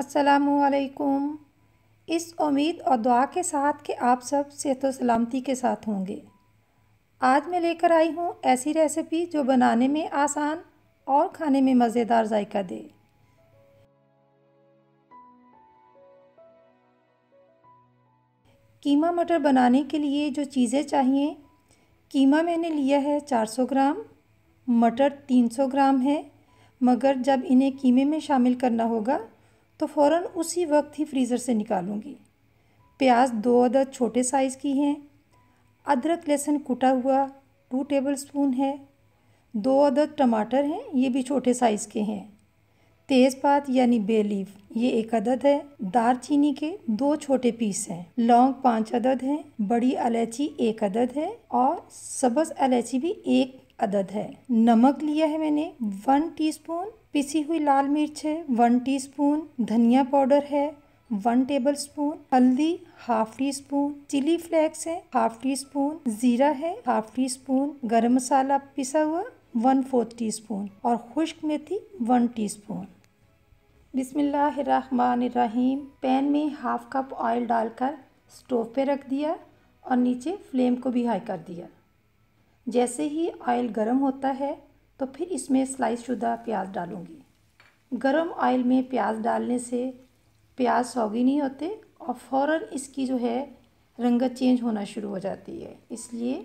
असलकुम इस उम्मीद और दुआ के साथ कि आप सब सेहत व सलामती के साथ होंगे आज मैं लेकर आई हूँ ऐसी रेसिपी जो बनाने में आसान और खाने में मज़ेदार जायका दे कीमा मटर बनाने के लिए जो चीज़ें चाहिए कीमा मैंने लिया है 400 ग्राम मटर 300 ग्राम है मगर जब इन्हें कीमे में शामिल करना होगा तो फ़ौर उसी वक्त ही फ्रीज़र से निकालूँगी प्याज दो अदद छोटे साइज़ की हैं अदरक लहसुन कुटा हुआ टू टेबल स्पून है दो अदद टमाटर हैं ये भी छोटे साइज़ के हैं तेज़पात यानी बे लीफ ये एक अदद है दार चीनी के दो छोटे पीस हैं लौंग पाँच अदद हैं बड़ी इलायची एक अदद है और सबस इलायची भी एक अदद है नमक लिया है मैंने वन टीस्पून पिसी हुई लाल मिर्च है वन टीस्पून धनिया पाउडर है वन टेबल स्पून हल्दी half teaspoon chilli flakes है हाफ टी स्पून जीरा है हाफ टी स्पून गर्म मसाला पिसा हुआ वन फोर्थ टी स्पून और खुश्क मेथी वन टी स्पून बिसमीम पैन में हाफ कप ऑयल डालकर स्टोव पे रख दिया और नीचे फ्लेम को भी हाई कर दिया जैसे ही ऑयल गर्म होता है तो फिर इसमें स्लाइस शुदा प्याज डालूँगी गरम ऑयल में प्याज डालने से प्याज सौगी नहीं होते और फ़ौर इसकी जो है रंगत चेंज होना शुरू हो जाती है इसलिए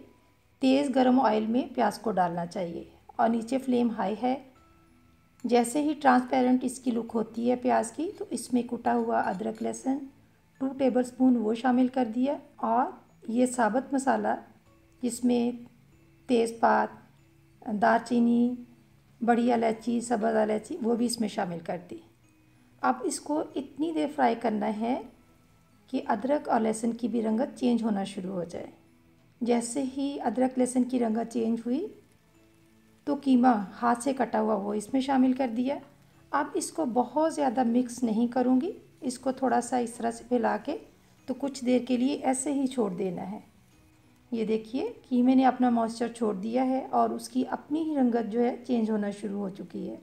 तेज़ गरम ऑयल में प्याज को डालना चाहिए और नीचे फ्लेम हाई है जैसे ही ट्रांसपेरेंट इसकी लुक होती है प्याज की तो इसमें कुटा हुआ अदरक लहसुन टू टेबल स्पून वो शामिल कर दिया और ये साबत मसाला जिसमें तेज़पात दारचीनी बड़ी इलायची सब्ज़ इलायची वो भी इसमें शामिल कर दी अब इसको इतनी देर फ्राई करना है कि अदरक और लहसुन की भी रंगत चेंज होना शुरू हो जाए जैसे ही अदरक लहसुन की रंगत चेंज हुई तो कीमा हाथ से कटा हुआ वो इसमें शामिल कर दिया अब इसको बहुत ज़्यादा मिक्स नहीं करूँगी इसको थोड़ा सा इस तरह से फैला के तो कुछ देर के लिए ऐसे ही छोड़ देना है ये देखिए कि मैंने अपना मॉइस्चर छोड़ दिया है और उसकी अपनी ही रंगत जो है चेंज होना शुरू हो चुकी है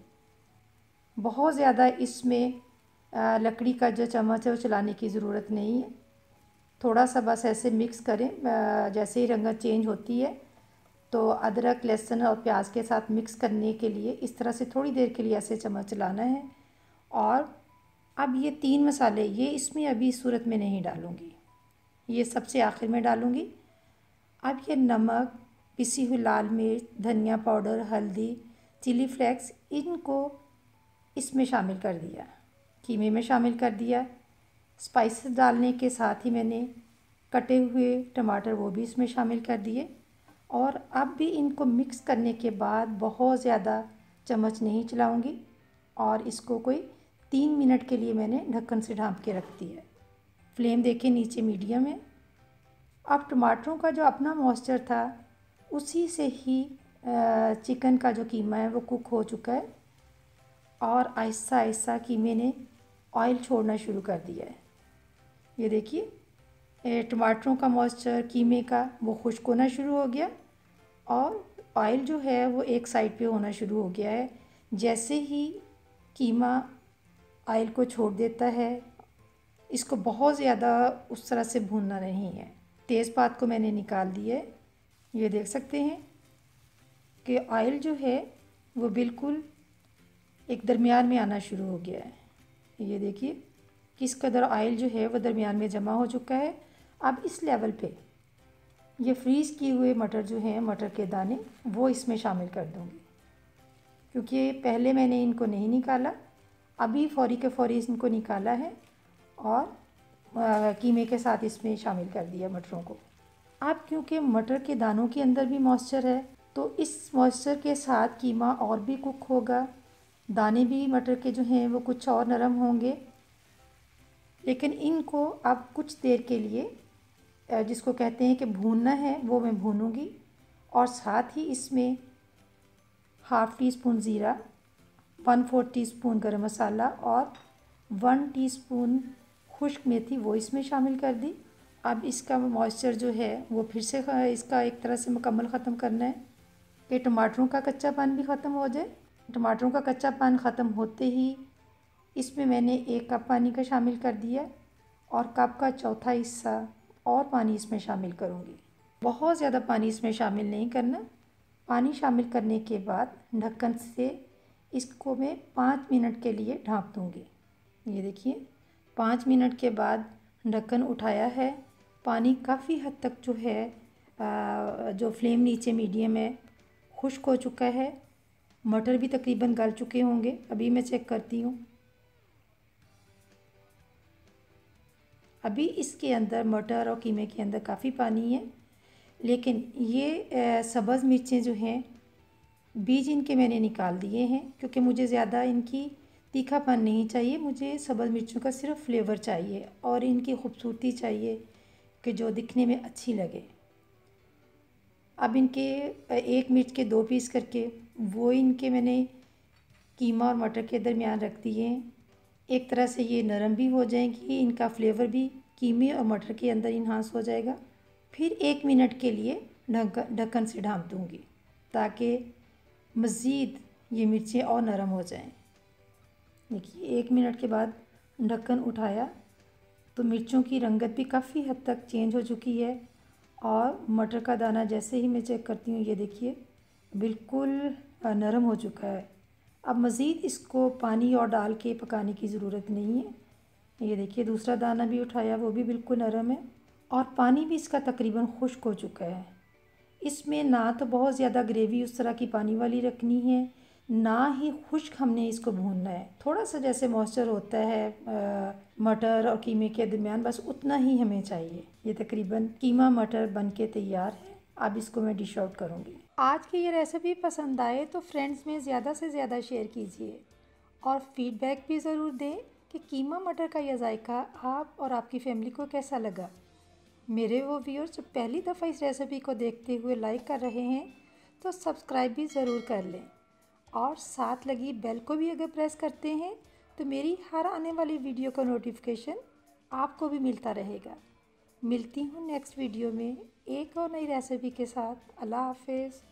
बहुत ज़्यादा इसमें लकड़ी का जो चम्मच है वो चलाने की ज़रूरत नहीं है थोड़ा सा बस ऐसे मिक्स करें जैसे ही रंगत चेंज होती है तो अदरक लहसुन और प्याज के साथ मिक्स करने के लिए इस तरह से थोड़ी देर के लिए ऐसे चम्मच चलाना है और अब ये तीन मसाले ये इसमें अभी सूरत में नहीं डालूँगी ये सबसे आखिर में डालूँगी अब ये नमक पिसी हुई लाल मिर्च धनिया पाउडर हल्दी चिली फ्लेक्स इनको इसमें शामिल कर दिया कीमे में शामिल कर दिया स्पाइसेस डालने के साथ ही मैंने कटे हुए टमाटर वो भी इसमें शामिल कर दिए और अब भी इनको मिक्स करने के बाद बहुत ज़्यादा चम्मच नहीं चलाऊँगी और इसको कोई तीन मिनट के लिए मैंने ढक्कन से ढाँप के रख दिया फ्लेम देखे नीचे मीडियम है अब टमाटरों का जो अपना मॉइस्चर था उसी से ही चिकन का जो कीमा है वो कुक हो चुका है और आहिस्ता आहिस्ता कीमे ने ऑयल छोड़ना शुरू कर दिया है ये देखिए टमाटरों का मॉइस्चर कीमे का वो खुश्क होना शुरू हो गया और ऑयल जो है वो एक साइड पे होना शुरू हो गया है जैसे ही कीमा ऑयल को छोड़ देता है इसको बहुत ज़्यादा उस तरह से भूनना नहीं है तेज़पात को मैंने निकाल दिया ये देख सकते हैं कि ऑयल जो है वो बिल्कुल एक दरमियान में आना शुरू हो गया है ये देखिए किस कदर ऑयल जो है वो दरमियान में जमा हो चुका है अब इस लेवल पे ये फ्रीज़ किए हुए मटर जो हैं मटर के दाने वो इसमें शामिल कर दूँगी क्योंकि पहले मैंने इनको नहीं निकाला अभी फ़ौरी के फ़ौरी इनको निकाला है और कीमे के साथ इसमें शामिल कर दिया मटरों को आप क्योंकि मटर के दानों के अंदर भी मॉइस्चर है तो इस मॉइस्चर के साथ कीमा और भी कुक होगा दाने भी मटर के जो हैं वो कुछ और नरम होंगे लेकिन इनको आप कुछ देर के लिए जिसको कहते हैं कि भूनना है वो मैं भूनूंगी और साथ ही इसमें हाफ़ टी स्पून ज़ीरा वन फोर टी स्पून गर्म मसाला और वन टी स्पून खुश्क मेथी वो इसमें शामिल कर दी अब इसका मॉइस्चर जो है वो फिर से इसका एक तरह से मुकम्मल ख़त्म करना है कि टमाटरों का कच्चा पान भी ख़त्म हो जाए टमाटरों का कच्चा पान ख़त्म होते ही इसमें मैंने एक कप पानी का शामिल कर दिया और कप का चौथा हिस्सा और पानी इसमें शामिल करूँगी बहुत ज़्यादा पानी इसमें शामिल नहीं करना पानी शामिल करने के बाद ढक्कन से इसको मैं पाँच मिनट के लिए ढाँप दूँगी ये देखिए पाँच मिनट के बाद ढक्कन उठाया है पानी काफ़ी हद तक जो है जो फ्लेम नीचे मीडियम है खुश्क हो चुका है मटर भी तकरीबन गल चुके होंगे अभी मैं चेक करती हूँ अभी इसके अंदर मटर और कीमे के अंदर काफ़ी पानी है लेकिन ये सब्ज़ मिर्चें जो हैं बीज इनके मैंने निकाल दिए हैं क्योंकि मुझे ज़्यादा इनकी तीखापन नहीं चाहिए मुझे सब्ज़ मिर्चों का सिर्फ फ्लेवर चाहिए और इनकी खूबसूरती चाहिए कि जो दिखने में अच्छी लगे अब इनके एक मिर्च के दो पीस करके वो इनके मैंने कीमा और मटर के दरमियान रख दिए हैं एक तरह से ये नरम भी हो जाएंगी इनका फ्लेवर भी कीमे और मटर के अंदर इन्हांस हो जाएगा फिर एक मिनट के लिए ढक्कन से ढाँप दूँगी ताकि मज़ीद ये मिर्चें और नरम हो जाएं देखिए एक मिनट के बाद ढक्कन उठाया तो मिर्चों की रंगत भी काफ़ी हद तक चेंज हो चुकी है और मटर का दाना जैसे ही मैं चेक करती हूँ ये देखिए बिल्कुल नरम हो चुका है अब मज़ीद इसको पानी और डाल के पकाने की ज़रूरत नहीं है ये देखिए दूसरा दाना भी उठाया वो भी बिल्कुल नरम है और पानी भी इसका तकरीबन खुश्क हो चुका है इसमें ना तो बहुत ज़्यादा ग्रेवी उस तरह की पानी वाली रखनी है ना ही खुश्क हमने इसको भूनना है थोड़ा सा जैसे मॉइस्चर होता है मटर और कीमे के दरमियान बस उतना ही हमें चाहिए ये तकरीबन कीमा मटर बन के तैयार है अब इसको मैं डिश आउट करूँगी आज की ये रेसिपी पसंद आए तो फ्रेंड्स में ज़्यादा से ज़्यादा शेयर कीजिए और फीडबैक भी ज़रूर दें कि कीमा मटर का यह जायका आप और आपकी फैमिली को कैसा लगा मेरे वो व्यूअर्स जो पहली दफ़ा इस रेसिपी को देखते हुए लाइक कर रहे हैं तो सब्सक्राइब भी ज़रूर कर लें और साथ लगी बेल को भी अगर प्रेस करते हैं तो मेरी हर आने वाली वीडियो का नोटिफिकेशन आपको भी मिलता रहेगा मिलती हूँ नेक्स्ट वीडियो में एक और नई रेसिपी के साथ अल्लाह हाफिज़